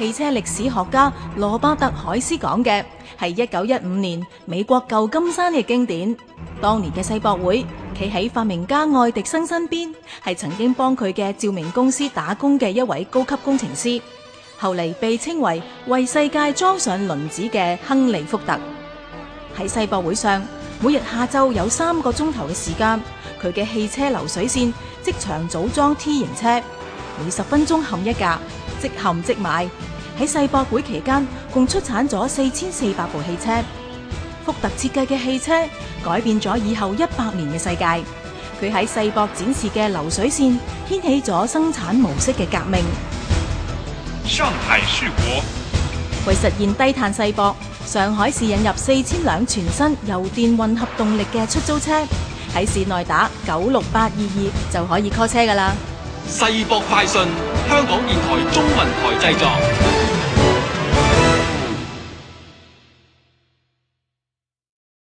汽車歷史學家羅伯特·凱斯講嘅係一九一五年美國舊金山嘅經典。當年嘅世博會，企喺發明家愛迪生身邊，係曾經幫佢嘅照明公司打工嘅一位高級工程師，後嚟被稱為為世界裝上輪子嘅亨利·福特。喺世博會上，每日下晝有三個鐘頭嘅時間，佢嘅汽車流水線即場組裝 T 型車。每十分鐘嵌一架，即嵌即賣。喺世博會期間，共出產咗四千四百部汽車。福特設計嘅汽車改變咗以後一百年嘅世界。佢喺世博展示嘅流水線掀起咗生產模式嘅革命。上海世博為實現低碳世博，上海市引入四千輛全新油電混合動力嘅出租車，喺市內打九六八二二就可以 call 車㗎喇。世博快訊，香港電台中文台製作。